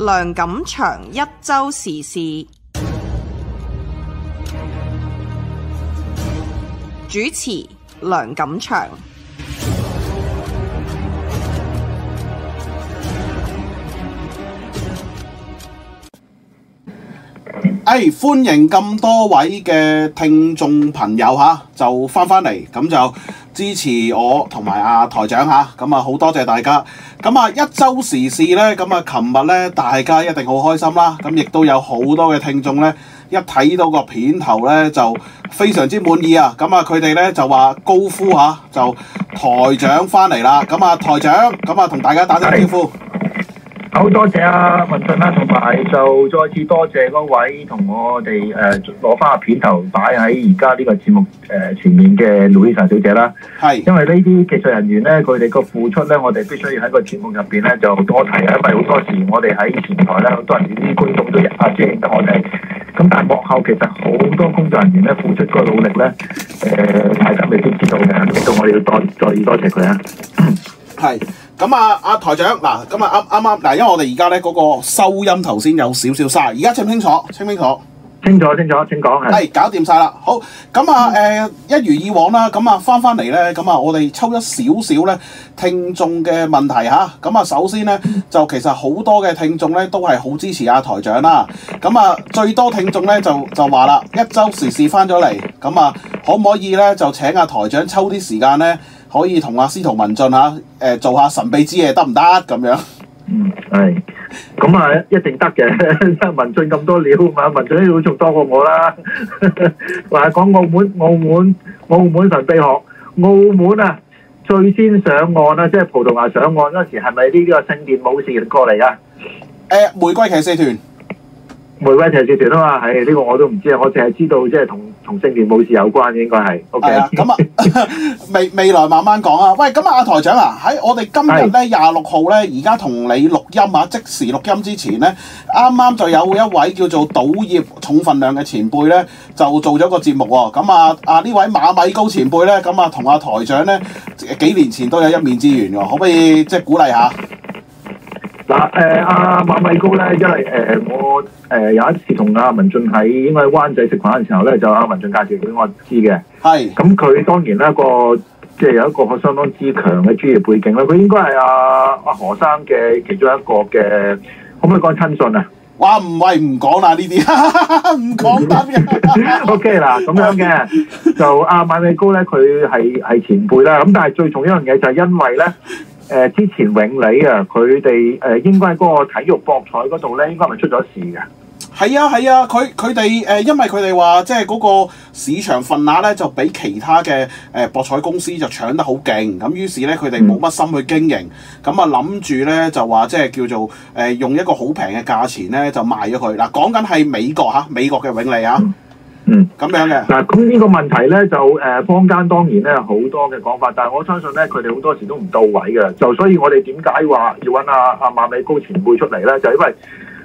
梁錦祥一週時事主持，梁錦祥，哎，歡迎咁多位嘅聽眾朋友吓，就翻返嚟咁就。支持我同埋阿台長嚇，咁啊好多謝大家。咁啊一周時事呢，咁啊琴日呢，大家一定好開心啦。咁、啊、亦都有好多嘅聽眾呢，一睇到個片頭呢，就非常之滿意啊。咁啊佢哋呢，就話高呼嚇、啊，就台長翻嚟啦。咁啊台長，咁啊同大家打聲招呼。好多謝啊，文俊啦，同埋就再次多謝嗰位同我哋誒攞翻個片頭擺喺而家呢個節目誒，呃、前面嘅 Louisa 小姐啦。係是。因為呢啲技術人員咧，佢哋個付出咧，我哋必須要喺個節目入邊咧就多提啊，因為好多時我哋喺前台咧，好多觀眾人啲耳鼓都入啊，即係認得我哋。咁但幕後其實好多工作人員咧付出個努力咧，誒係大家未必知道嘅，到我哋要再再多謝佢啊。係。咁啊，阿台長嗱，咁啊，啱啱啱嗱，因為我哋而家咧嗰個收音頭先有少少沙，而家清唔清楚？清清楚？清楚，清楚，請講係，搞掂晒啦，好。咁啊，誒、呃，一如以往啦，咁啊，翻翻嚟咧，咁啊，我哋抽一少少咧聽眾嘅問題吓，咁啊，首先咧就其實好多嘅聽眾咧都係好支持阿、啊、台長啦，咁啊，最多聽眾咧就就話啦，一周時事翻咗嚟，咁啊，可唔可以咧就請阿、啊、台長抽啲時間咧？可以同阿司徒文進嚇，誒，做下神秘之夜，得唔得咁樣、哎？嗯、啊，係，咁啊，一定得嘅。因為文進咁多料，咪文進要仲多過我啦。話講澳門，澳門，澳門神秘學，澳門啊最先上岸啦，即、就、係、是、葡萄牙上岸嗰時，係咪呢個聖殿武士過嚟啊？誒、呃，玫瑰騎士團。玫瑰騎士團啊，係呢、哎這個我都唔知啊，我淨係知道即係同同聖殿武士有關嘅應該係。係、OK? 啊，咁、嗯、啊未未來慢慢講啊。喂，咁、嗯、啊，阿台長啊，喺我哋今日咧廿六號咧，而家同你錄音啊，即時錄音之前咧，啱啱就有一位叫做賭業重份量嘅前輩咧，就做咗個節目喎、啊。咁、嗯、啊啊呢位馬米高前輩咧，咁、嗯、啊同阿、啊、台長咧幾年前都有一面之緣㗎、啊，可唔可以即係鼓勵下？嗱誒阿馬米高咧，因為誒、呃、我誒、呃、有一次同阿文俊喺應該喺灣仔食飯嘅時候咧，就阿、是、文俊介紹俾我，我知嘅。係是。咁佢當然咧個即係、就是、有一個相當之強嘅專業背景啦。佢應該係阿阿何生嘅其中一個嘅、嗯，可唔可以講親信啊？話唔係唔講啦呢啲，唔講咁 O K 嗱咁樣嘅， 就阿馬、啊、米高咧，佢係係前輩啦。咁但係最重要一樣嘢就係因為咧。誒、呃，之前永利啊，佢哋誒，應該係嗰個體育博彩嗰度咧，應該咪出咗事嘅。係啊係啊，佢佢哋誒，因為佢哋話即係嗰個市場份額咧，就比其他嘅誒、呃、博彩公司就搶得好勁，咁於是咧，佢哋冇乜心去經營，咁啊諗住咧就話即係叫做誒、呃，用一個好平嘅價錢咧就賣咗佢。嗱，講緊係美國吓、啊，美國嘅永利啊。嗯嗯，咁樣嘅嗱，咁呢個問題咧就誒，坊間當然咧好多嘅講法，但係我相信咧，佢哋好多時都唔到位噶。就所以我哋點解話要搵阿阿馬美高前輩出嚟咧，就因為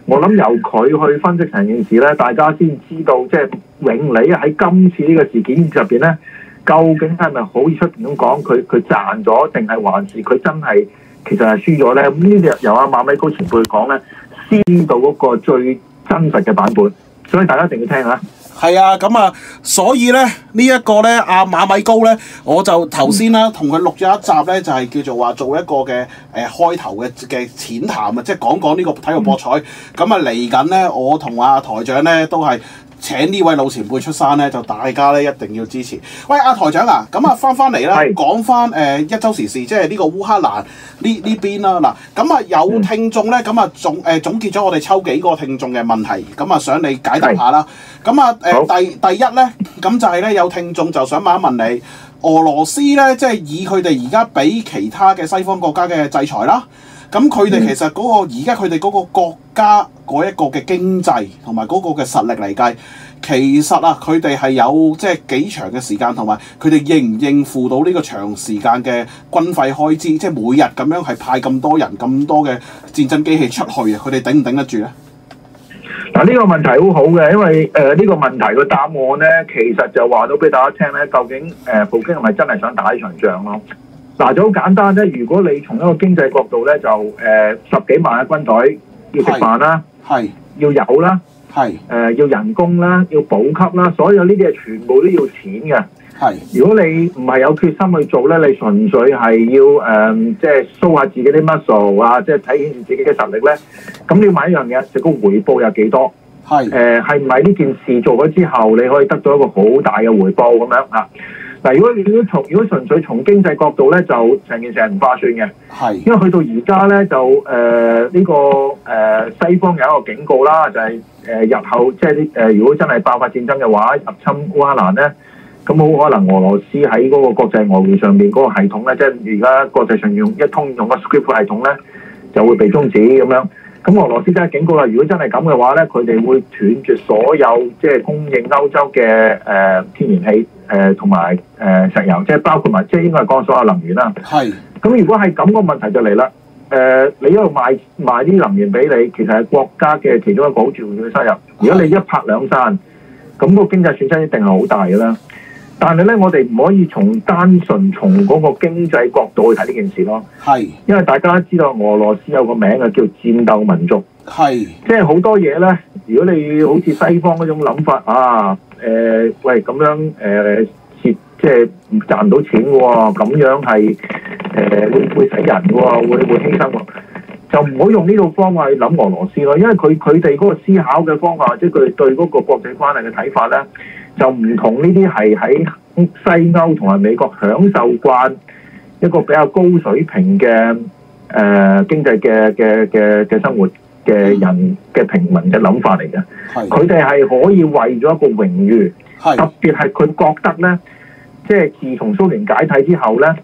我諗由佢去分析成件事咧，大家先知道即係永利喺今次呢個事件入邊咧，究竟係咪好出面咁講，佢佢賺咗，定係還是佢真係其實係輸咗咧？咁呢啲由阿馬美高前輩講咧，先到一個最真實嘅版本，所以大家一定要聽下、啊。係啊，咁啊，所以咧呢一個咧阿馬米高咧，我就頭先啦同佢錄咗一集咧，就係、是、叫做話做一個嘅誒、呃、開頭嘅嘅淺談啊，即、就、係、是、講講呢個體育博彩。咁、嗯、啊嚟緊咧，我同阿、啊、台長咧都係。請呢位老前輩出山咧，就大家咧一定要支持。喂，阿、啊、台長啊，咁啊翻翻嚟啦，講翻誒一週時事，即係呢個烏克蘭呢呢邊啦、啊。嗱，咁啊有聽眾咧，咁啊總誒、呃、總結咗我哋抽幾個聽眾嘅問題，咁啊想你解答下啦。咁是啊誒、呃、好第第一咧，咁就係咧有聽眾就想問一問你，俄羅斯咧即係以佢哋而家俾其他嘅西方國家嘅制裁啦。咁佢哋其實嗰、那個而家佢哋嗰個國家嗰一個嘅經濟同埋嗰個嘅實力嚟計，其實啊，佢哋係有即係幾長嘅時間，同埋佢哋應唔應付到呢個長時間嘅軍費開支，即係每日咁樣係派咁多人、咁多嘅戰爭機器出去啊，佢哋頂唔頂得住咧？嗱、啊，呢、這個問題好好嘅，因為誒呢、呃這個問題嘅答案咧，其實就話到俾大家聽咧，究竟誒、呃、普京係咪真係想打呢場仗咯？嗱就好簡單咧，如果你從一個經濟角度咧，就誒、呃、十幾萬嘅軍隊要食飯啦，係要有啦，係誒是、呃、要人工啦，要補給啦，所有呢啲嘢全部都要錢嘅。係是如果你唔係有決心去做咧，你純粹係要誒、呃、即係 show 下自己啲 muscle 啊，即係睇顯示自己嘅實力咧，咁你買一樣嘢，個回報有幾多？係誒係唔係呢件事做咗之後，你可以得到一個好大嘅回報咁樣啊？嗱，如果你都從如果純粹從經濟角度咧，就成件事係唔化算嘅。係，因為去到而家咧，就誒呢、呃這個誒、呃、西方有一個警告啦，就係、是、誒、呃、日後即係誒、呃、如果真係爆發戰爭嘅話，入侵烏克蘭咧，咁好可能俄羅斯喺嗰個國際外匯上面嗰個系統咧，即係而家國際上用一通用一個 script 系統咧，就會被中止咁樣。咁俄羅斯真係警告啦，如果真係咁嘅話咧，佢哋會斷絕所有即係供應歐洲嘅誒、呃、天然氣。誒同埋誒石油，即係包括埋，即係應該係講所有能源啦。係、啊。咁是如果係咁個問題就嚟啦。誒、呃，你一路賣賣啲能源俾你，其實係國家嘅其中一個好重要嘅收入。是如果你一拍兩散，咁、那個經濟損失一定係好大嘅啦。但係咧，我哋唔可以從單純從嗰個經濟角度去睇呢件事咯。係是。因為大家知道俄羅斯有個名啊，叫戰鬥民族。係，是即係好多嘢咧。如果你好似西方嗰種諗法啊，誒、呃、喂咁樣誒，蝕、呃、即係唔賺到錢喎，咁樣係誒、呃、會會死人嘅喎，會會犧牲，就唔好用呢套方法去諗俄羅斯咯，因為佢佢哋嗰個思考嘅方法，或者佢哋對嗰個國際關係嘅睇法咧，就唔同呢啲係喺西歐同埋美國享受慣一個比較高水平嘅誒、呃、經濟嘅嘅嘅嘅生活嘅人嘅平民嘅諗法嚟嘅，佢哋係可以為咗一個榮譽，的特別係佢覺得咧，即係自從蘇聯解體之後咧，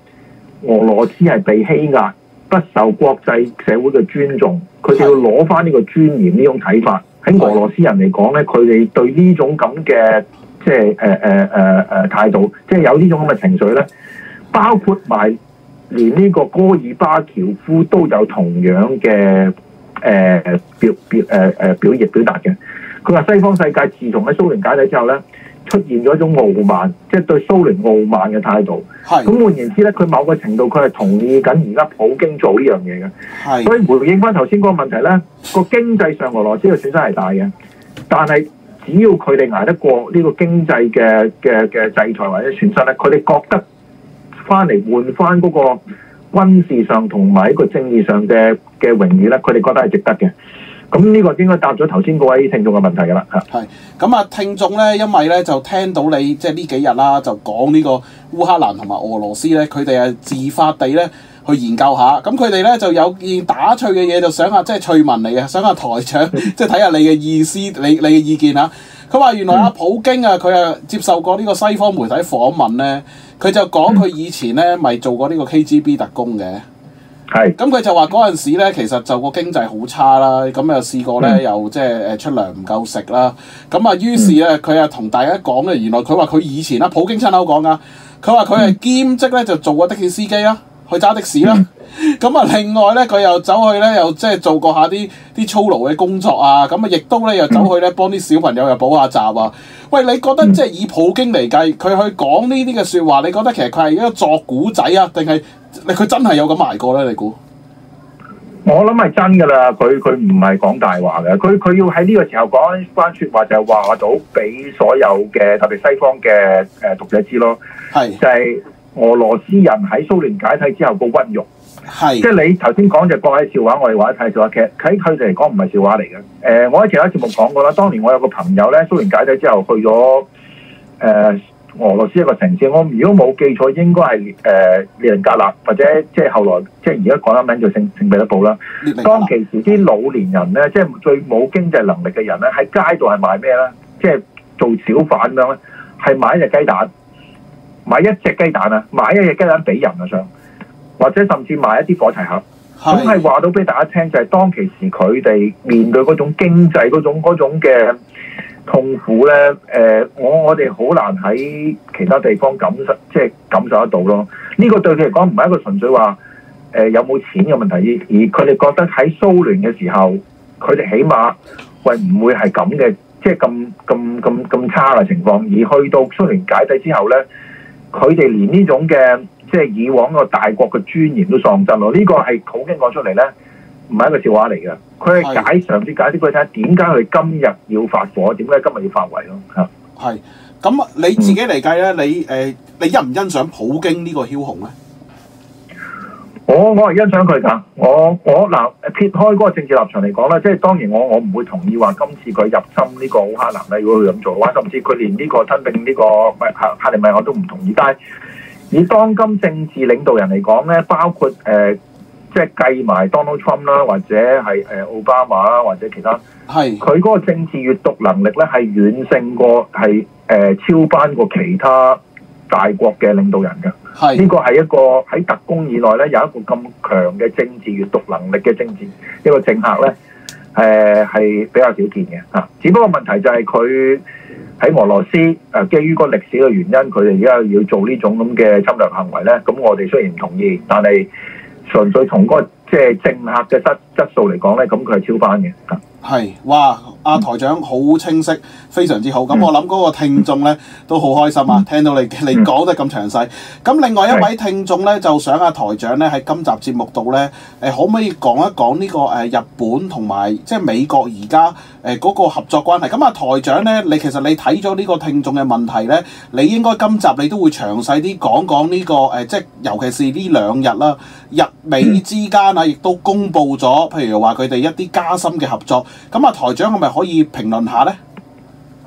俄羅斯係被欺壓、不受國際社會嘅尊重，佢哋要攞翻呢個尊嚴呢種睇法。喺的俄羅斯人嚟講咧，佢哋對呢種咁嘅即係誒誒誒誒態度，即係有呢種咁嘅情緒咧。包括埋連呢個戈爾巴喬夫都有同樣嘅。誒、呃、表表誒誒、呃、表意、呃、表達嘅，佢話西方世界自從喺蘇聯解體之後咧，出現咗一種傲慢，即係對蘇聯傲慢嘅態度。咁係，換言之咧，佢某個程度佢係同意緊而家普京做呢樣嘢嘅。係，所以回應翻頭先嗰個問題咧，個經濟上俄羅斯嘅損失係大嘅，但係只要佢哋捱得過呢個經濟嘅嘅嘅制裁或者損失咧，佢哋覺得翻嚟換翻嗰個。軍事上同埋一個政治上嘅嘅榮譽咧，佢哋覺得係值得嘅。咁呢個應該答咗頭先嗰位聽眾嘅問題噶啦嚇。係。咁啊，聽眾咧，因為咧就聽到你即係呢幾日啦、啊，就講呢個烏克蘭同埋俄羅斯咧，佢哋係自發地咧。去研究下，咁佢哋咧就有件打趣嘅嘢，就想下即係趣聞嚟啊，想下台長 即係睇下你嘅意思，你你嘅意見啊。佢話原來阿普京啊，佢啊接受過呢個西方媒體訪問咧，佢就講佢以前咧咪做過呢個 KGB 特工嘅，係咁佢就話嗰陣時咧，其實就個經濟好差啦，咁又試過咧、嗯、又即係誒出糧唔夠食啦，咁啊於是啊佢啊同大家講咧，原來佢話佢以前啦，普京親口講噶，佢話佢係兼職咧就做過的士司機啊。去揸的士啦，咁啊、嗯、另外咧，佢又走去咧，又即係做過下啲啲粗勞嘅工作啊，咁啊亦都咧又走去咧、嗯、幫啲小朋友又補下習啊。喂，你覺得即係以普京嚟計，佢去講呢啲嘅説話，你覺得其實佢係一個作古仔啊，定係佢真係有咁捱過咧？你估？我諗係真㗎喇，佢佢唔係講大話嘅，佢佢要喺呢個時候講翻説話，就係話到俾所有嘅特別西方嘅誒、呃、讀者知咯，係是就係、是。俄羅斯人喺蘇聯解體之後個屈辱，的即係你頭先講就國際笑話，我哋話喺睇笑話劇，喺佢哋嚟講唔係笑話嚟嘅。誒、呃，我喺其他節目講過啦，當年我有個朋友咧，蘇聯解體之後去咗誒、呃、俄羅斯一個城市，我如果冇記錯，應該係誒、呃、列寧格勒或者即係後來即係而家講得名叫聖聖，聖彼得堡啦。當其時啲老年人咧，即係最冇經濟能力嘅人咧，喺街度係賣咩咧？即係做小販咁樣咧，係賣一隻雞蛋。買一隻雞蛋啊！買一隻雞蛋俾人啊！上，或者甚至買一啲火柴盒，總係話到俾大家聽，就係當其時佢哋面對嗰種經濟嗰種嗰種嘅痛苦咧。誒、呃，我我哋好難喺其他地方感受，即係感受得到咯。呢個對佢嚟講唔係一個純粹話誒、呃、有冇錢嘅問題，而而佢哋覺得喺蘇聯嘅時候，佢哋起碼喂唔會係咁嘅，即係咁咁咁咁差嘅情況。而去到蘇聯解體之後咧。佢哋連呢種嘅即係以往個大國嘅尊嚴都喪失咯，呢、呢個係普京講出嚟咧，唔係一個笑話嚟嘅。佢係解上次解釋俾你聽，點解佢今日要發火？點解今日要發圍咯？嚇，係咁你自己嚟計咧，你誒你欣唔欣賞普京呢個梟雄咧？我我係欣賞佢噶，我我嗱撇開嗰個政治立場嚟講咧，即係當然我我唔會同意話今次佢入侵呢個烏克蘭咧，如果佢咁做嘅話，甚至佢連呢、這個吞並呢個唔係啊克里米亞我都唔同意。但係以當今政治領導人嚟講咧，包括誒、呃、即係計埋 Donald Trump 啦，或者係誒奧巴馬啦，呃、Obama, 或者其他，係佢嗰個政治閱讀能力咧係遠勝過係誒、呃、超班過其他。大國嘅領導人㗎，呢個係一個喺特工以內咧，有一個咁強嘅政治閲讀能力嘅政治一個政客呢，誒、呃、係比較少見嘅嚇。只不過問題就係佢喺俄羅斯誒、呃，基於個歷史嘅原因，佢哋而家要做呢種咁嘅侵略行為呢，咁我哋雖然唔同意，但係純粹同嗰、那個即係、就是、政客嘅失。質素嚟講咧，咁佢係超班嘅。係，哇！阿、啊、台長好清晰，非常之好。咁、嗯、我諗嗰個聽眾咧都好開心啊，嗯、聽到你你講得咁詳細。咁另外一位聽眾咧，是就想阿、啊、台長咧喺今集節目度咧，誒、呃、可唔可以講一講呢、這個誒、呃、日本同埋即係美國而家誒嗰個合作關係？咁阿、啊、台長咧，你其實你睇咗呢個聽眾嘅問題咧，你應該今集你都會詳細啲講講呢個誒，即、呃、係尤其是呢兩日啦，日美之間啊，亦都公布咗、嗯。譬如話佢哋一啲加深嘅合作，咁啊台長，我咪可以評論下呢？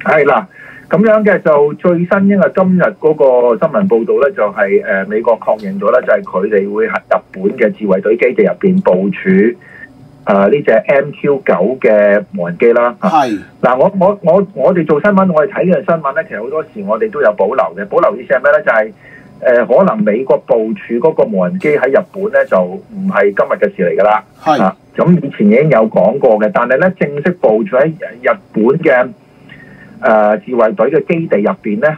係啦，咁樣嘅就最新因係今日嗰個新聞報道呢，就係、是、誒、呃、美國確認咗呢，就係佢哋會喺日本嘅自衛隊基地入邊部署啊呢隻 MQ 九嘅無人機啦。係嗱的、啊，我我我我哋做新聞，我哋睇呢個新聞呢，其實好多時我哋都有保留嘅，保留意思係咩呢？就係、是。誒、呃、可能美國部署嗰個無人機喺日本咧，就唔係今日嘅事嚟㗎啦。係是。咁、啊、以前已經有講過嘅，但係咧正式部署喺日本嘅誒、呃、自衛隊嘅基地入邊咧，誒、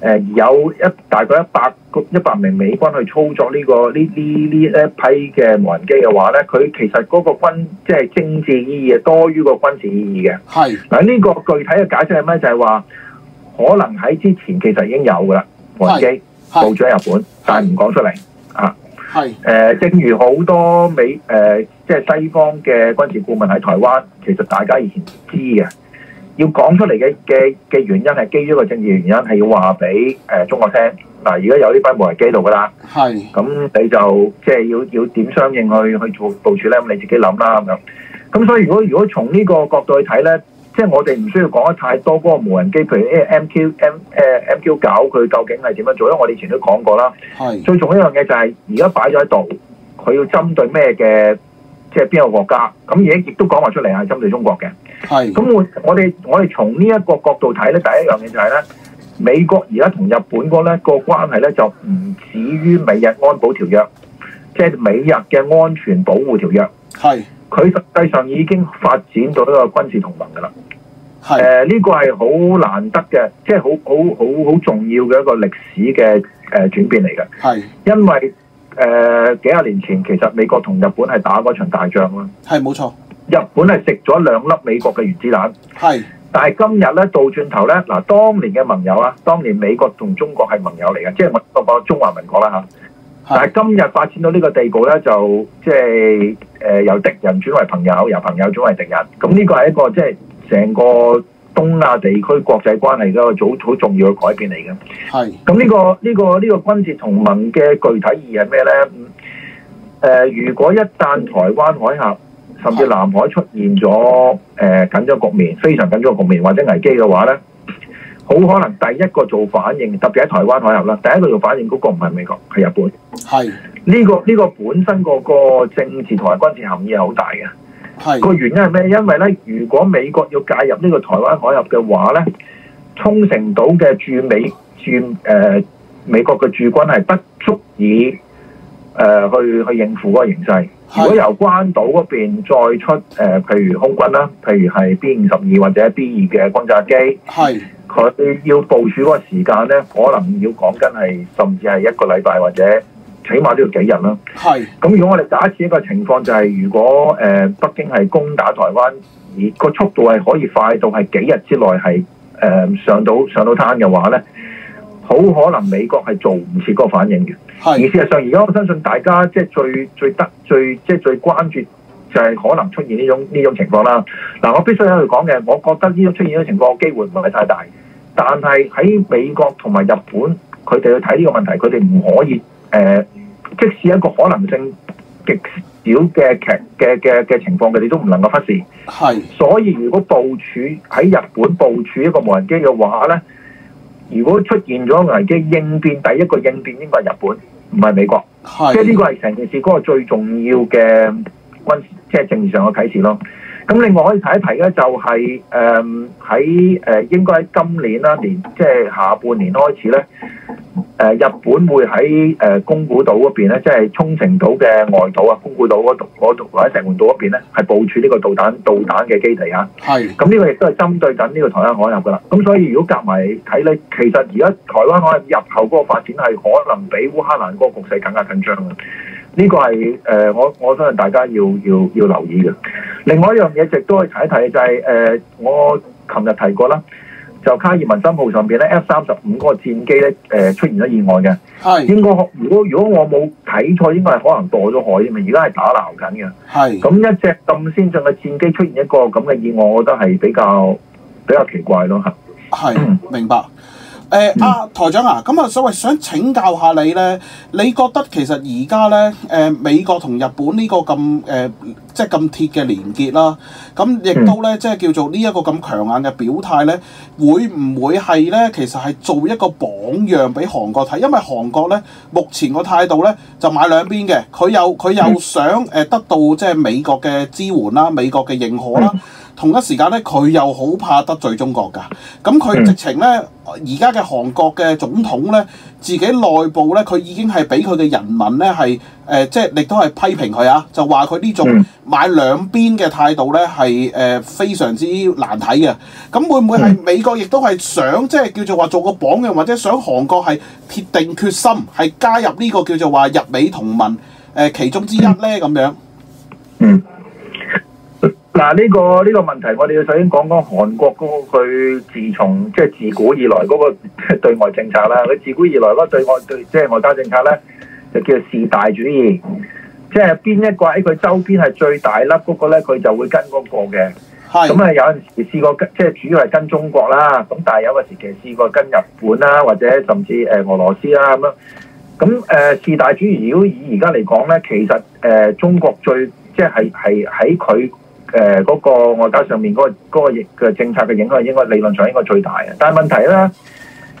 呃、有一大概一百個一百名美軍去操作呢、這個呢呢呢一批嘅無人機嘅話咧，佢其實嗰個軍即係政治意義多於個軍事意義嘅。係是。嗱呢個具體嘅解釋係咩？就係、是、話可能喺之前其實已經有㗎啦，無人機。是部署喺日本，是但係唔講出嚟是啊。係誒是，正如好多美誒、呃，即係西方嘅軍事顧問喺台灣，其實大家以前知嘅。要講出嚟嘅嘅嘅原因係基於個政治原因，係要話俾誒中國聽。嗱、呃，而家有呢班無人機度噶啦，係咁是你就即係要要點相應去去做部署咧。咁你自己諗啦咁樣。咁所以如果如果從呢個角度去睇咧。即係我哋唔需要講得太多嗰個無人機，譬如呢個 MQ M 誒 MQ 九，佢究竟係點樣做？因為我哋以前都講過啦。係是。最重要一樣嘢就係而家擺咗喺度，佢要針對咩嘅，即係邊個國家？咁而家亦都講話出嚟係針對中國嘅。係是。咁我我哋我哋從呢一個角度睇咧，第一樣嘢就係、是、咧，美國而家同日本嗰咧個關係咧就唔止於美日安保條約，即係美日嘅安全保護條約。係是。佢實際上已經發展到一個軍事同盟噶啦。誒呢是、呃、這個係好難得嘅，即係好好好重要嘅一個歷史嘅誒轉變嚟嘅。係、呃、是因為誒、呃、幾廿年前其實美國同日本係打嗰場大仗啦。係冇錯，錯，日本係食咗兩粒美國嘅原子彈。係是，但係今日咧倒轉頭咧，嗱，當年嘅盟友啦，當年美國同中國係盟友嚟嘅，即係我個中華民國啦嚇。是但係今日發展到呢個地步咧，就即係誒由敵人轉為朋友，由朋友轉為敵人。咁呢個係一個即係。成個東亞地區國際關係一個好重要嘅改變嚟嘅，係是。咁呢、呢個呢、呢個呢、呢個軍事同盟嘅具體意義係咩呢？誒、呃，如果一旦台灣海峽甚至南海出現咗誒、呃、緊張局面，非常緊張局面或者危機嘅話呢，好可能第一個做反應，特別喺台灣海峽啦，第一個做反應嗰個唔係美國，係日本。係是。呢、呢個呢、呢個本身嗰個政治同埋軍事含義係好大嘅。個原因係咩？因為咧，如果美國要介入呢個台灣海峽嘅話咧，沖繩島嘅駐美駐誒、呃、美國嘅駐軍係不足以誒、呃、去去應付嗰個形勢。的如果由關島嗰邊再出誒，譬、呃、如空軍啦，譬如係 B 五十二或者 B 二嘅轟炸機，係佢的要部署嗰個時間咧，可能要講緊係甚至係一個禮拜或者。起碼都要幾日啦。係是。咁如果我哋假設一個情況就係，如果誒、呃、北京係攻打台灣，而個速度係可以快到係幾日之內係誒上到上到灘嘅話咧，好可能美國係做唔切嗰個反應嘅。是而事實上，而家我相信大家即係最最得最即係最，最，最關注就係可能出現呢種呢種情況啦。嗱、啊，我必須喺度講嘅，我覺得呢種出現呢種情況嘅機會唔係太大，但係喺美國同埋日本，佢哋去睇呢個問題，佢哋唔可以。誒、呃，即使一個可能性極小嘅劇嘅嘅嘅情況嘅，佢哋都唔能夠忽視。係的，所以如果部署喺日本部署一個無人機嘅話咧，如果出現咗危機，應變第一個應變應該係日本，唔係美國。係。即係呢個係成件事嗰個最重要嘅軍，即、就、係、是、政治上嘅啟示咯。咁另外可以提一提咧，就是，就係誒喺誒應該喺今年啦，年即係下半年開始咧，誒、呃、日本會喺誒宮古島嗰邊咧，即係沖繩島嘅外島啊，宮古島嗰度，嗰度或者石門島嗰邊咧，係部署呢個導彈，導彈嘅基地啊。係的。咁呢個亦都係針對緊呢個台灣海峽噶啦。咁所以如果夾埋睇咧，其實而家台灣海峽後嗰個發展係可能比烏克蘭嗰個局勢更加緊張啊！呢個係誒、呃，我我相信大家要要要留意嘅。另外一樣嘢，亦都可以睇一睇，就係、是、誒、呃，我琴日提過啦，就卡爾文森號上邊咧 F 三十五嗰個戰機咧誒出現咗意外嘅。係是應該，如果如果我冇睇錯，應該係可能墮咗海啊嘛，而家係打撈緊嘅。係是。咁一隻咁先進嘅戰機出現一個咁嘅意外，我覺得係比較比較奇怪咯嚇。係是， 明白。誒阿台長啊，咁啊，所謂想請教下你咧，你覺得其實而家咧，誒美國同日本呢個咁誒，即係咁鐵嘅連結啦，咁亦都咧，即係叫做呢一個咁強硬嘅表態咧，會唔會係咧，其實係做一個榜樣俾韓國睇？因為韓國咧，目前個態度咧就買兩邊嘅，佢又佢又想誒得到即係美國嘅支援啦，美國嘅認可啦。嗯同一時間咧，佢又好怕得罪中國㗎。咁佢直情咧，而家嘅韓國嘅總統咧，自己內部咧，佢已經係俾佢嘅人民咧，係誒，即係亦都係批評佢啊。就話佢呢種買兩邊嘅態度咧，係誒、呃、非常之難睇嘅。咁會唔會係美國亦都係想、嗯、即係叫做話做個榜樣，或者想韓國係鐵定決心係加入呢個叫做話日美同盟誒、呃、其中之一咧咁樣？嗯。嗱，呢個呢個問題，我哋要首先講講韓國嗰個佢自從即係自古以來嗰個對外政策啦。佢自古以來嗰個對外對即係外交政策咧，就叫做事大主義，即係邊一個喺佢周邊係最大粒嗰個咧，佢就會跟嗰個嘅。咁啊的有陣時試過跟，即係主要係跟中國啦。咁但係有個時期試過跟日本啦，或者甚至誒俄羅斯啦咁樣。咁誒事大主義，如果以而家嚟講咧，其實誒、呃、中國最即係係喺佢。誒嗰、呃那個、外交上面嗰、那個嘅、那個、政策嘅影響，應該理論上應該最大嘅。但係問題咧，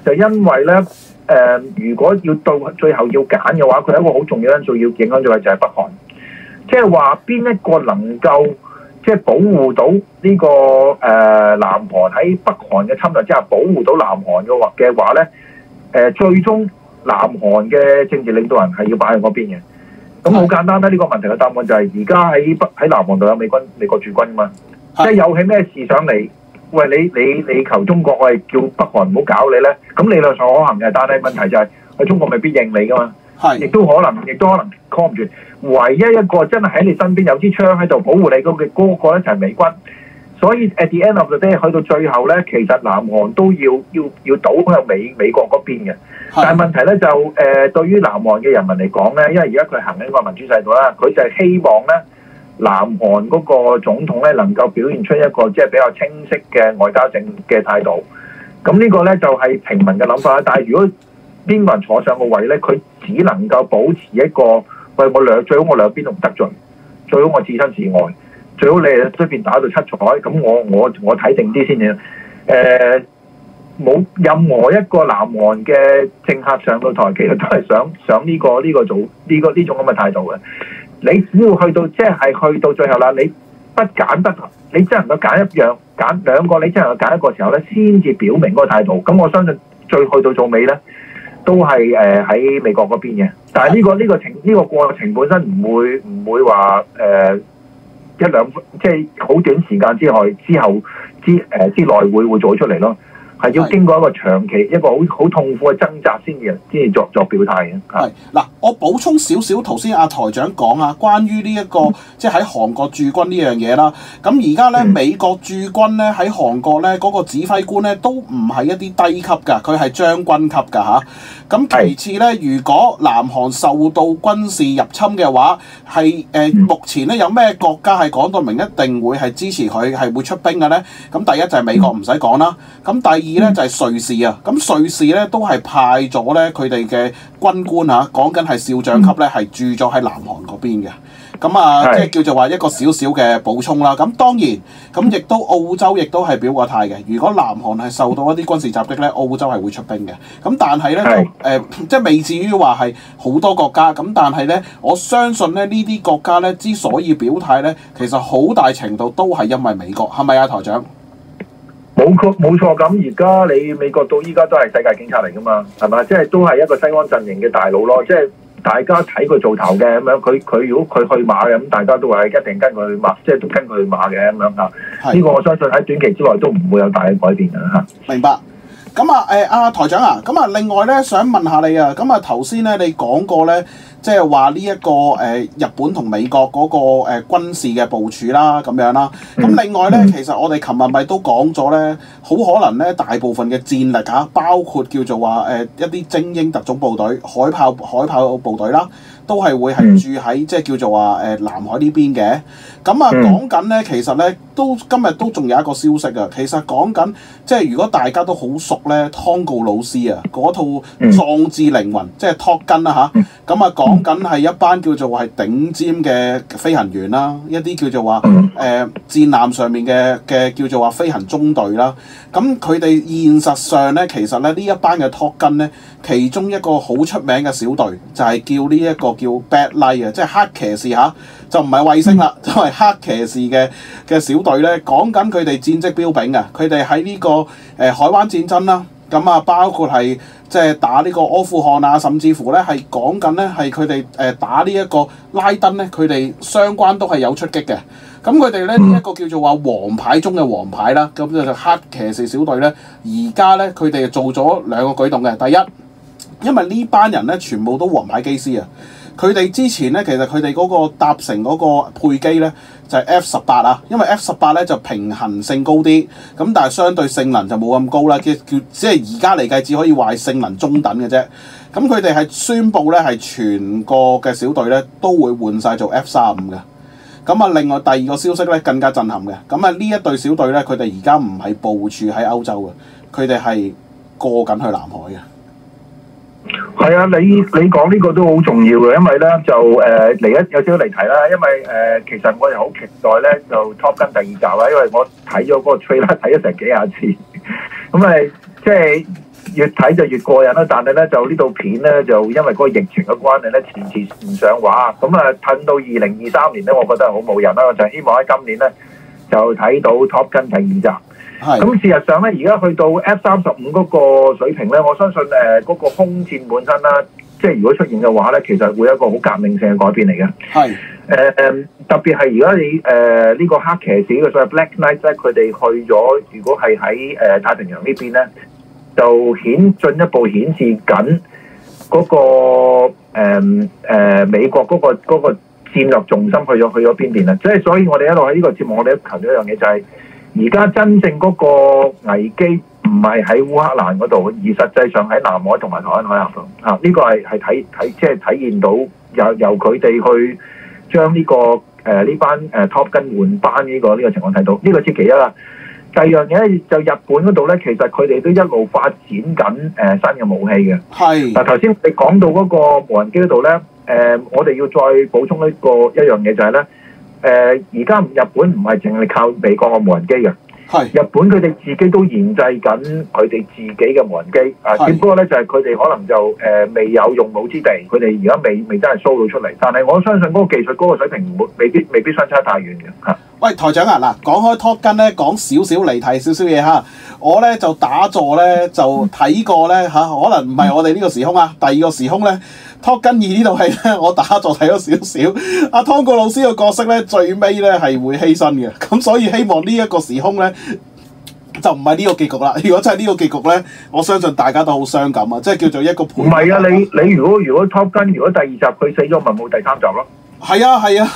就因為咧，誒、呃、如果要到最後要揀嘅話，佢係一個好重要因素，要影響咗嘅就係北韓。即係話邊一個能夠即係、就是、保護到呢、這個誒、呃、南韓喺北韓嘅侵略之下保護到南韓嘅話嘅話咧，誒、呃、最終南韓嘅政治領導人係要擺喺嗰邊嘅。咁好簡單啦！呢、這個問題嘅答案就係而家喺北喺南韓度有美軍美國駐軍噶嘛，即係有起咩事上嚟？喂，你你你求中國，我係叫北韓唔好搞你咧。咁理論上可行嘅，但係問題就係、是，喺中國未必應你噶嘛，亦都可能，亦都可能 call 唔住。唯一一個真係喺你身邊有支槍喺度保護你嘅嗰個咧就係美軍。所以 at the end of the day，去到最後咧，其實南韓都要要要倒向美美國嗰邊嘅。但係問題咧就誒、呃，對於南韓嘅人民嚟講咧，因為而家佢行緊一個民主制度啦，佢就係希望咧南韓嗰個總統咧能夠表現出一個即係比較清晰嘅外交政嘅態度。咁、嗯這個、呢個咧就係、是、平民嘅諗法。但係如果邊個人坐上個位咧，佢只能夠保持一個喂，我兩最好我兩邊都唔得罪，最好我置身事外，最好你哋出邊打到七彩，咁我我我睇定啲先嘅誒。冇任何一個南韓嘅政客上到台，其實都係想上呢、這個呢、這個組呢、這個呢、這個、種咁嘅態度嘅。你只要去到即係，係、就是、去到最後啦，你不揀不，你真係唔得揀一樣，揀兩個，你真係唔得揀一個時候咧，先至表明嗰個態度。咁我相信，最去到最尾呢，都係誒喺美國嗰邊嘅。但係呢、這個呢、這個情呢、這個過程本身唔會唔會話誒、呃、一兩即係好短時間之內之後之誒之內、呃、會會再出嚟咯。係要經過一個長期一個好好痛苦嘅掙扎先至先至作作表態嘅。係嗱，我補充少少頭先。阿、啊、台長講啊，關於呢、這、一個、嗯、即係喺韓國駐軍呢樣嘢啦。咁而家咧美國駐軍咧喺韓國咧嗰個指揮官咧都唔係一啲低級㗎，佢係將軍級㗎嚇。咁、啊、其次咧，如果南韓受到軍事入侵嘅話，係誒、呃嗯、目前咧有咩國家係講到明一定會係支持佢係會出兵嘅咧？咁第一就係美國唔使講啦。咁、嗯、第二。二咧就係、是、瑞士、嗯、瑞士啊，咁瑞士咧都係派咗咧佢哋嘅軍官啊。講緊係少將級咧，係駐咗喺南韓嗰邊嘅。咁、嗯嗯、啊，即係叫做話一個小小嘅補充啦。咁、啊、當然，咁亦都澳洲亦都係表過態嘅。如果南韓係受到一啲軍事襲擊咧，澳洲係會出兵嘅。咁、嗯、但係咧，誒、嗯呃，即係未至於話係好多國家。咁、嗯、但係咧，我相信咧呢啲國家咧之所以表態咧，其實好大程度都係因為美國，係咪啊，台長？冇錯，冇錯咁，而家你美國到依家都係世界警察嚟噶嘛，係咪？即係都係一個西方陣營嘅大佬咯，即係大家睇佢做頭嘅咁樣，佢佢如果佢去馬嘅咁，大家都係一定跟佢去馬，即係跟佢去馬嘅咁樣啊。呢個我相信喺短期之外都唔會有大嘅改變嘅嚇。明白。咁啊，誒呃阿台長啊，咁啊，另外咧想問下你啊，咁啊頭先咧你講過咧。即係話呢一個誒、呃、日本同美國嗰、那個誒、呃、軍事嘅部署啦，咁樣啦。咁另外呢，其實我哋琴日咪都講咗呢，好可能呢大部分嘅戰力嚇、啊，包括叫做話誒、呃、一啲精英特種部隊、海豹海豹部隊啦。都係會係住喺即係叫做話誒、呃、南海呢邊嘅，咁啊講緊呢，其實呢，都今日都仲有一個消息啊。其實講緊即係如果大家都好熟呢，湯告老師啊，嗰套壯志凌雲，即係托根啦吓，咁啊講緊係一班叫做話係頂尖嘅飛行員啦，一啲叫做話誒、呃、戰艦上面嘅嘅叫做話飛行中隊啦。咁佢哋現實上呢，其實呢，呢一班嘅托根呢，其中一個好出名嘅小隊就係、是、叫呢、這、一個。叫 bad 百麗啊，即係黑騎士嚇、啊，就唔係衛星啦，因為、嗯、 黑騎士嘅嘅小隊咧。講緊佢哋戰績彪炳啊，佢哋喺呢個誒、呃、海灣戰爭啦，咁啊包括係即係打呢個阿富汗啊，甚至乎咧係講緊咧係佢哋誒打呢一個拉登咧，佢哋相關都係有出擊嘅。咁佢哋咧呢一、呢個叫做話王牌中嘅王牌啦，咁就黑騎士小隊咧，而家咧佢哋做咗兩個舉動嘅。第一，因為呢班人咧全部都黃牌機師啊。佢哋之前咧，其實佢哋嗰個搭乘嗰個配機咧，就係 F 十八啊，因為 F 十八咧就平衡性高啲，咁但係相對性能就冇咁高啦。其實叫即係而家嚟計，只可以話性能中等嘅啫。咁佢哋係宣布咧，係全個嘅小隊咧都會換晒做 F 三五嘅。咁啊，另外第二個消息咧更加震撼嘅。咁啊，呢一隊小隊咧，佢哋而家唔係部署喺歐洲嘅，佢哋係過緊去南海嘅。係啊，你你講呢個都好重要嘅，因為咧就誒嚟，一有少少離題啦，因為誒、呃、其實我係好期待咧就 Top Gun 第二集啦，因為我睇咗嗰個 trailer 睇咗成幾廿次，咁 咪、嗯、即係越睇就越過癮啦。但係咧就呢套片咧就因為嗰個疫情嘅關係咧遲遲唔上畫，咁啊褪到二零二三年咧，我覺得好冇癮啦。我就希望喺今年咧就睇到 Top Gun 第二集。咁事實上咧，而家去到 F 三十五嗰個水平咧，我相信誒嗰個空戰本身啦、啊，即係如果出現嘅話咧，其實會有一個好革命性嘅改變嚟嘅。係誒是、呃、特別係如果你誒呢、呃呢個黑騎士呢所謂 Black Knight 咧，佢哋去咗，如果係喺誒太平洋邊呢邊咧，就顯進一步顯示緊嗰、那個誒、呃呃、美國嗰、那個嗰、那個、戰略重心去咗去咗邊邊啦。即係所以我哋一路喺呢個節目，我哋求咗一樣嘢就係、是。而家真正嗰個危機唔係喺烏克蘭嗰度，而實際上喺南海同埋台灣海峽度。嚇、啊，呢、這個係係體體即係體現到由由佢哋去將呢、這個誒呢、呃、班誒、呃、Top 跟換班呢、這個呢、這個情況睇到。呢、這個係其一啦。第二樣嘢就日本嗰度咧，其實佢哋都一路發展緊誒、呃、新嘅武器嘅。係是。嗱頭先你講到嗰個無人機嗰度咧，誒、呃、我哋要再補充一、這個一樣嘢就係、是、咧。誒而家日本唔係淨係靠美國個無人機嘅，是日本佢哋自己都研製緊佢哋自己嘅無人機，啊是，只不過咧就係佢哋可能就誒、呃、未有用武之地，佢哋而家未未真係 show 到出嚟，但係我相信嗰個技術嗰個水平唔會未必未必相差太遠嘅嚇。喂，台長啊，嗱，講開托根咧，講少少離題少少嘢哈，我咧就打坐咧就睇過咧吓，可能唔係我哋呢個時空啊，第二個時空咧，托根二呢套戲咧，我打坐睇咗少少，阿湯哥老師嘅角色咧，最尾咧係會犧牲嘅，咁所以希望呢一個時空咧就唔係呢個結局啦。如果真係呢個結局咧，我相信大家都好傷感啊，即係叫做一個配、啊。唔係啊，你你如果如果托根如果第二集佢死咗，咪冇第三集咯。係啊，係啊。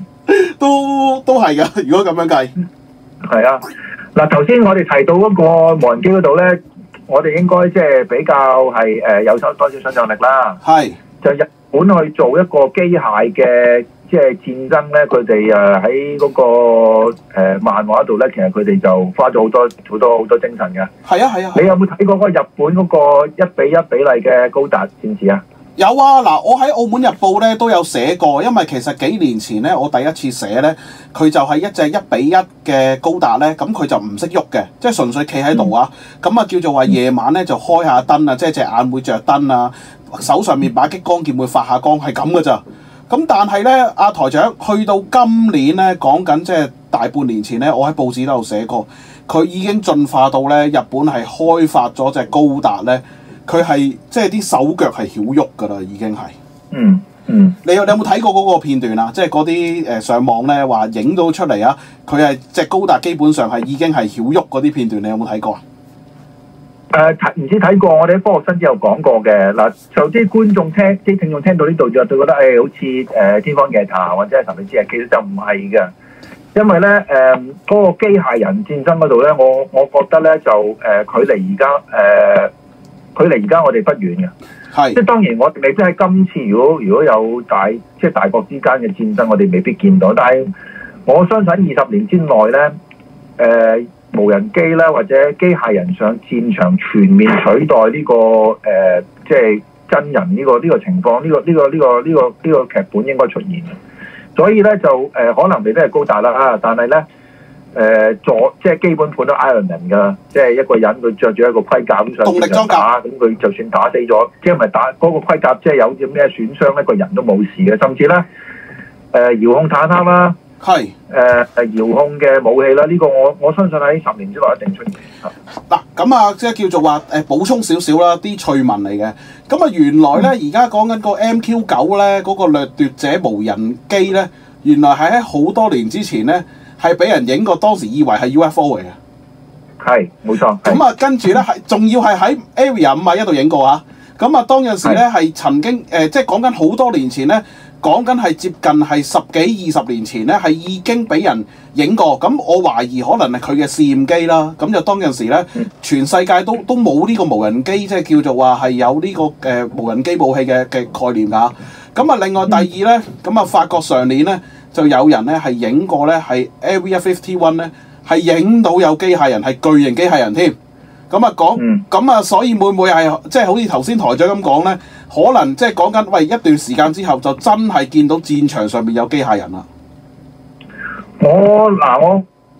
都都係噶如果咁樣計，係啊。嗱，頭先我哋提到嗰個無人機嗰度咧，我哋應該即係比較係誒、呃、有稍多少想象力啦。係、啊，就日本去做一個機械嘅即係戰爭咧，佢哋誒喺嗰個誒、呃、漫畫度咧，其實佢哋就花咗好多好多好多精神嘅。係啊係啊，啊啊啊你有冇睇過嗰個日本嗰個一比一比例嘅高達戰士啊？有啊，嗱，我喺《澳門日報呢》咧都有寫過，因為其實幾年前咧，我第一次寫咧，佢就係一隻一比一嘅高達咧，咁佢就唔識喐嘅，即係純粹企喺度啊，咁啊、嗯、叫做話夜晚咧就開下燈啊，即係隻眼會着燈啊，手上面把激光劍會發下光，係咁噶咋，咁但係咧，阿、啊、台長去到今年咧，講緊即係大半年前咧，我喺報紙都有寫過，佢已經進化到咧，日本係開發咗隻高達咧。佢係即係啲手腳係曉喐噶啦，已經係、嗯。嗯嗯。你有你有冇睇過嗰個片段啊？即係嗰啲誒上網咧話影到出嚟啊！佢係即係高達基本上係已經係曉喐嗰啲片段，你有冇睇過啊？睇唔、呃、知睇過，我哋啲科學新知有講過嘅。嗱、呃，就啲觀眾聽即聽眾聽到呢度就就覺得誒、欸、好似誒、呃、天方夜譚或者係神祕之夜，其實就唔係嘅。因為咧誒嗰個機械人戰爭嗰度咧，我我覺得咧就誒、呃呃、距離而家誒。呃呃呃呃距離而家我哋不遠嘅，即係是當然我未必喺今次如果如果有大即係、就是、大國之間嘅戰爭，我哋未必見到。但係我相信二十年之內咧，誒、呃、無人機啦或者機械人上戰場全面取代呢、這個誒即係真人呢、這個呢、這個情況，呢、這個呢、這個呢、這個呢、這個呢、這個劇本應該出現嘅。所以咧就誒、呃、可能未必係高大啦啊，但係咧。誒左、呃、即係基本判都 Iron Man 噶，即係一個人佢着住一個盔甲咁上動力裝甲，咁佢就算打死咗，即係咪打嗰、那個盔甲即係有啲咩損傷一個人都冇事嘅，甚至咧誒遙控坦克啦，係誒誒遙控嘅武器啦。呢、這個我我相信喺十年之內一定出現。嗱咁啊，即係叫做話誒、呃、補充少少啦，啲趣聞嚟嘅。咁啊，原來咧而家講緊個 MQ 九咧嗰個掠奪者無人機咧，原來係喺好多年之前咧。係俾人影過，當時以為係 UFO 嚟嘅，係冇錯。咁啊，跟住咧，係仲要係喺 Area 五啊一度影過啊。咁啊，當陣時咧，係是曾經誒、呃，即係講緊好多年前咧，講緊係接近係十幾二十年前咧，係已經俾人影過。咁我懷疑可能係佢嘅試驗機啦。咁就當陣時咧，全世界都都冇呢個無人機，即係叫做話係有呢、這個誒、呃、無人機武器嘅嘅概念㗎、啊。咁啊，另外第二咧，咁啊、嗯，法國上年咧。就有人咧係影過咧係 Avf51 咧係影到有機械人係巨型機械人添，咁啊講，咁啊所以會唔會係即係好似頭先台長咁講咧？可能即係講緊喂一段時間之後就真係見到戰場上面有機械人啦。我嗱我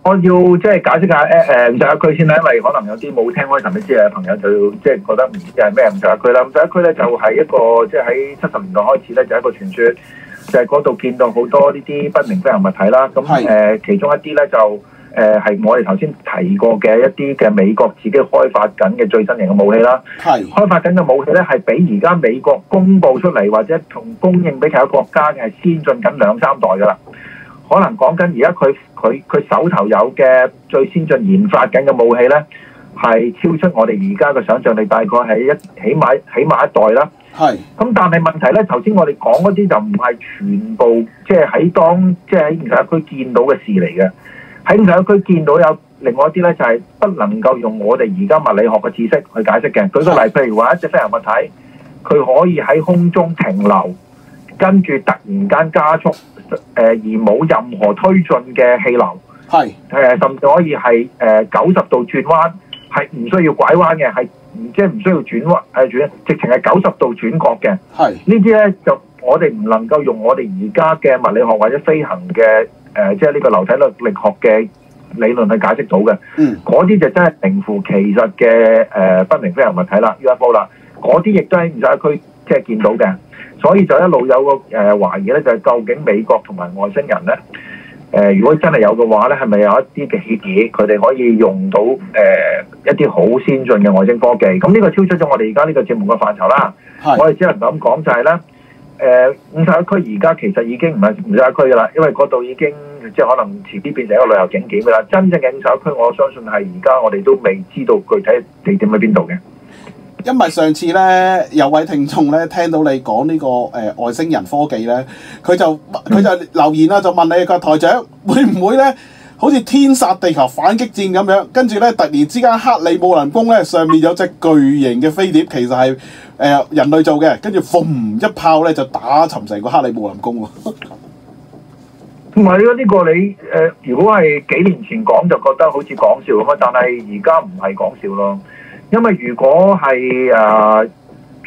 我要即係解釋下誒五十一區先啦，因為可能有啲冇聽開陳老師嘅朋友就即係覺得唔知係咩五十一區啦。五十一區咧就係一個即係喺七十年代開始咧就一個傳説。就係嗰度見到好多呢啲不明飛行物體啦，咁誒、呃、其中一啲咧就誒係、呃、我哋頭先提過嘅一啲嘅美國自己開發緊嘅最新型嘅武器啦，的開發緊嘅武器咧係比而家美國公佈出嚟或者同供應俾其他國家嘅係先進緊兩三代噶啦，可能講緊而家佢佢佢手頭有嘅最先進研發緊嘅武器咧，係超出我哋而家嘅想像力，大概係一起碼起碼一代啦。係，咁但係問題咧，頭先我哋講嗰啲就唔係全部，即係喺當，即係喺五十一區見到嘅事嚟嘅。喺五十一區見到有另外一啲咧，就係、是、不能夠用我哋而家物理學嘅知識去解釋嘅。舉個例，譬如話一隻飛行物體，佢可以喺空中停留，跟住突然間加速，誒、呃、而冇任何推進嘅氣流，係誒是、呃、甚至可以係誒九十度轉彎，係唔需要拐彎嘅，係。即係唔需要轉彎，誒、啊、轉，直情係九十度轉角嘅。係的呢啲咧就我哋唔能夠用我哋而家嘅物理學或者飛行嘅誒，即係呢個流體力學嘅理論去解釋到嘅。嗯，嗰啲就真係名副其實嘅誒、呃、不明飛行物體啦，UFO 啦。嗰啲亦都喺唔少區即係見到嘅，所以就一路有個誒、呃、懷疑咧，就係、是、究竟美國同埋外星人咧？誒、呃，如果真係有嘅話咧，係咪有一啲嘅協議佢哋可以用到誒、呃、一啲好先進嘅外星科技？咁呢個超出咗我哋而家呢個節目嘅範疇啦。是的 我哋只能咁講就係、是、咧，誒、呃、五十一區而家其實已經唔係五十一區噶啦，因為嗰度已經即係可能遲啲變成一個旅遊景點噶啦。真正嘅五十一區，我相信係而家我哋都未知道具體地點喺邊度嘅。因為上次咧，有位聽眾咧聽到你講呢、這個誒、呃、外星人科技咧，佢就佢就留言啦，就問你個台長會唔會咧，好似天殺地球反擊戰咁樣，跟住咧突然之間克里姆林宮咧上面有隻巨型嘅飛碟，其實係誒、呃、人類做嘅，跟住、呃、一炮咧就打沉成個克里姆林宮喎。唔係啊，呢個你誒、呃，如果係幾年前講就覺得好似講笑咁啊，但係而家唔係講笑咯。因為如果係誒，呢、呃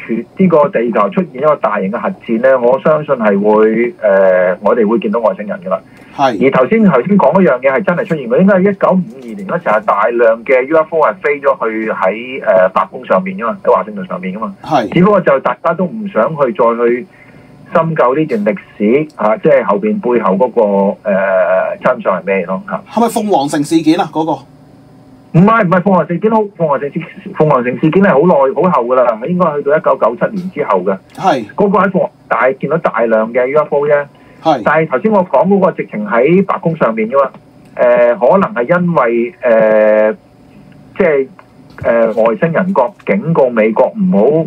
這個地球出現一個大型嘅核戰咧，我相信係會誒、呃，我哋會見到外星人噶啦。係是。而頭先頭先講嗰樣嘢係真係出現嘅，應該係一九五二年嗰時係大量嘅 UFO 係飛咗去喺誒、呃、白宮上面，噶嘛，喺華盛頓上面。噶嘛是。係。只不過就大家都唔想去再去深究呢段歷史吓，即、啊、係、就是、後邊背後嗰、那個誒真相係咩咯吓？係咪鳳凰城事件啊？嗰、那個？唔係，唔係鳳凰城事件好，鳳凰城事鳳凰城事件係好耐好後噶啦，係咪應該去到一九九七年之後嘅？係。嗰個喺鳳凰大見到大量嘅 UFO 啫。係。但係頭先我講嗰個直情喺白宮上面噶嘛？誒，可能係因為誒，即係誒外星人國警告美國唔好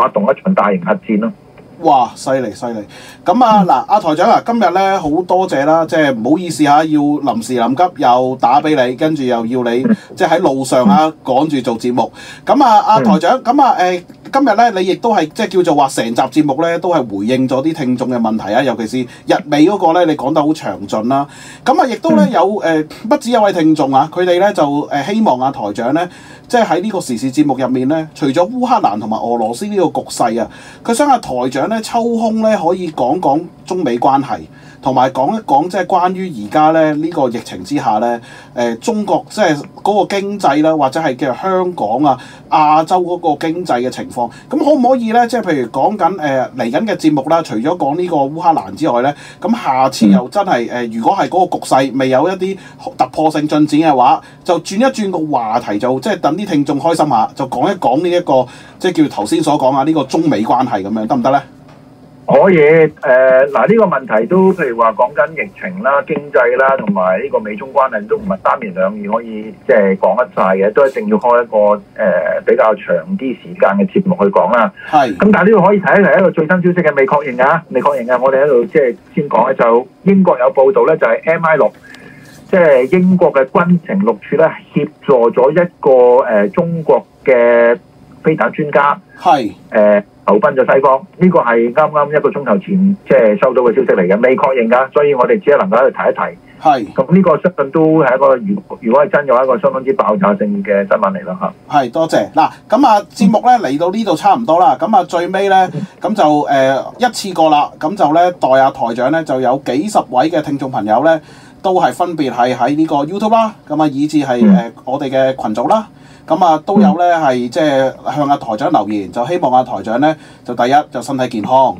發動一場大型核戰咯。哇，犀利犀利！咁啊，嗱、啊，阿台長啊，今日咧好多謝啦，即係唔好意思吓，要臨時臨急又打俾你，跟住又要你即係喺路上啊趕住、嗯、做節目。咁啊，阿、啊、台長，咁啊，誒、呃。今日咧，你亦都係即係叫做話成集節目咧，都係回應咗啲聽眾嘅問題啊，尤其是日美嗰個咧，你講得好詳盡啦。咁啊，亦都咧有誒，不止一位聽眾啊，佢哋咧就誒希望啊台長咧，即係喺呢個時事節目入面咧，除咗烏克蘭同埋俄羅斯呢個局勢啊，佢想啊台長咧抽空咧可以講講中美關係。同埋講一講，即係關於而家咧呢個疫情之下咧，誒中國即係嗰個經濟啦，或者係叫香港啊、亞洲嗰個經濟嘅情況，咁可唔可以咧？即係譬如講緊誒嚟緊嘅節目啦，除咗講呢個烏克蘭之外咧，咁下次又真係誒，如果係嗰個局勢未有一啲突破性進展嘅話，就轉一轉個話題，就即係等啲聽眾開心下，就講一講呢一個即係叫頭先所講啊，呢個中美關係咁樣得唔得咧？可以，誒嗱呢個問題都譬如話講緊疫情啦、經濟啦，同埋呢個美中關係都唔係三言兩語可以即係講得晒嘅，都一定要開一個誒、呃、比較長啲時間嘅節目去講啦。係是。咁但係呢個可以睇一睇，一個最新消息嘅未確認啊，未確認啊，我哋喺度即係先講咧，就英國有報道咧，就係 MI 六，即係英國嘅軍情六處咧協助咗一個誒、呃、中國嘅。飛彈專家係誒是、呃、投奔咗西方，呢、這個係啱啱一個鐘頭前即係收到嘅消息嚟嘅，未確認㗎，所以我哋只係能夠喺度提一提。係咁是，呢個相信都係一個如如果係真，有一個相當之爆炸性嘅新聞嚟啦，嚇。係多謝嗱，咁啊節目咧嚟到呢度差唔多啦，咁啊最尾咧咁就誒、呃、一次過啦，咁就咧代下台長咧，就有幾十位嘅聽眾朋友咧，都係分別係喺呢個 YouTube 啦，咁啊以至係誒我哋嘅群組，組啦。嗯咁啊，都有咧，係即係向阿台長留言，就希望阿台長咧就第一就身體健康。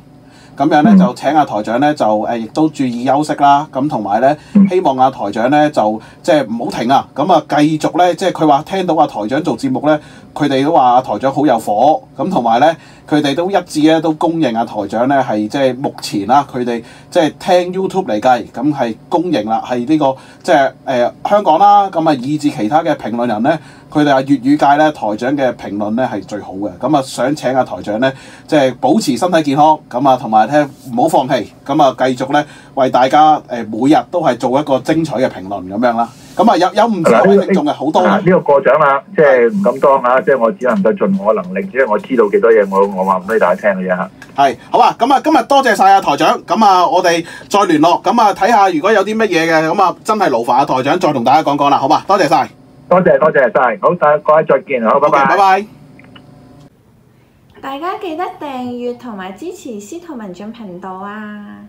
咁樣咧就請阿台長咧就亦都注意休息啦。咁同埋咧，希望阿台長咧就即係唔好停啊。咁啊，繼續咧即係佢話聽到阿台長做節目咧，佢哋都話阿台長好有火。咁同埋咧，佢哋都一致咧都公認阿台長咧係即係目前啦。佢哋即係聽 YouTube 嚟計，咁係公認啦，係呢個即係誒香港啦。咁啊，以至其他嘅評論人咧。佢哋話粵語界咧台長嘅評論咧係最好嘅，咁啊想請阿台長咧，即係保持身體健康，咁啊同埋咧唔好放棄，咁啊繼續咧為大家誒每日都係做一個精彩嘅評論咁樣啦。咁啊有有唔少聽眾嘅好多，呢個過獎啦，即係唔敢當啊，即係是我只能夠盡我能力，只係我知道幾多嘢，我我話唔俾大家聽嘅啫嚇。係好啊，咁啊今日多謝晒阿台長，咁啊我哋再聯絡，咁啊睇下如果有啲乜嘢嘅，咁啊真係勞煩阿台長再同大家講講啦，好嘛？多謝晒。多謝多謝，好，好，大家再見，好，拜拜。Okay, bye bye 大家記得訂閱同埋支持司徒文進頻道啊！